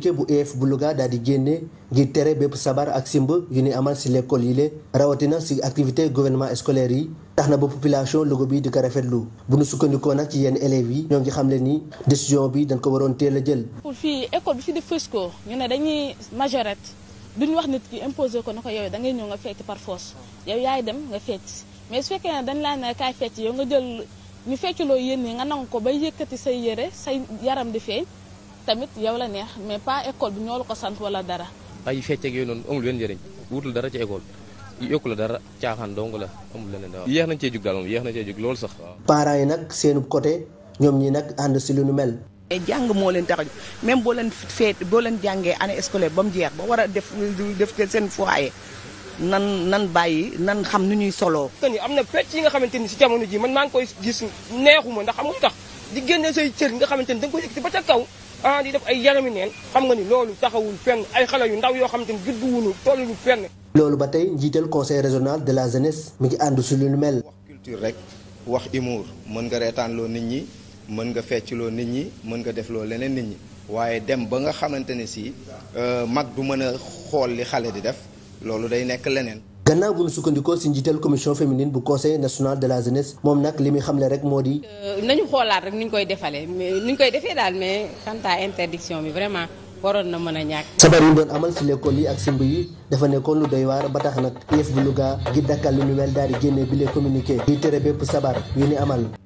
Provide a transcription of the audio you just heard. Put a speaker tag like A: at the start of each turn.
A: communiqué bu EF Louga daal di génne ngir tere bépp sabar ak simb yu ni amal si l'école yi le rawatina activité gouvernement scolaire yi tax na ba population Louga bi di ko rafetlu sukkandikoo nag ci yenn élèves yi ñoo ngi xam leen ni décision bi dañ ko waroon teel a jël.
B: pour fii école bi fi di Fusco ñu ne dañuy majorette duñu wax nit ki imposé ko na ko yow da ngay ñëw nga fetti par force yow yaay dem nga mais su fekkee dañ laa ne kaay fetti yow nga jël ñu fecculoo yéen ñi nga nangu ko ba yëkkati say yére say yaram di feeñ. tamit yow la neex mais pas école bi ñoo la ko sant wala dara.
C: ay fecc ak yooyu noonu amul benn njëriñ wutul dara ci école yokku la dara caaxaan dong la amul leneen waaw. yéex nañ cee jug daal moom yéex nañ cee loolu sax
A: waaw. yi nag seenu côté ñoom ñi nag ànd si lu nu mel.
B: jàng moo leen tax même boo leen feet boo leen jàngee année scolaire ba mu jeex ba war a def def seen foyer nan nan bàyyi nan xam nu ñuy soloo.
C: te am na fecc yi nga xamante ni si jamono ji man maa ngi koy gis neexuma ndax xam nga tax di génne say cër nga xamante ni da nga koy ba ca kaw. ah di def ay yarami neen xam nga ni loolu taxawul fenn ay xale yu ndaw yoo xam te ne juddu wuñu tolluñu fenn.
A: loolu ba tey njiital conseil régional de la jeunesse mu ngi ànd su lu nu mel. wax culture rek wax humour mën nga reetaanloo nit ñi mën nga feccloo nit ñi mën nga defloo leneen nit ñi waaye dem ba nga xamante ne si euh, mag du mën a xool li xale di def loolu day nekk leneen. gannaaw bu nu sukkandikoo si njiital commission féminine bu conseil national de la jeunesse moom nag li muy xamle rek moo di. Euh,
B: nañu xoolaat rek nuñ koy defalee koy defee daal mais quant interdiction bi vraiment waroon na mën a ñàkk.
A: sabar yu doon amal si l'école yi ak simb yi dafa nekkoon lu doy waar ba tax nag yëf bu Louga gi dakkal lu nu mel daal di génne bile communiqué di tere bépp sabar yu ni amal.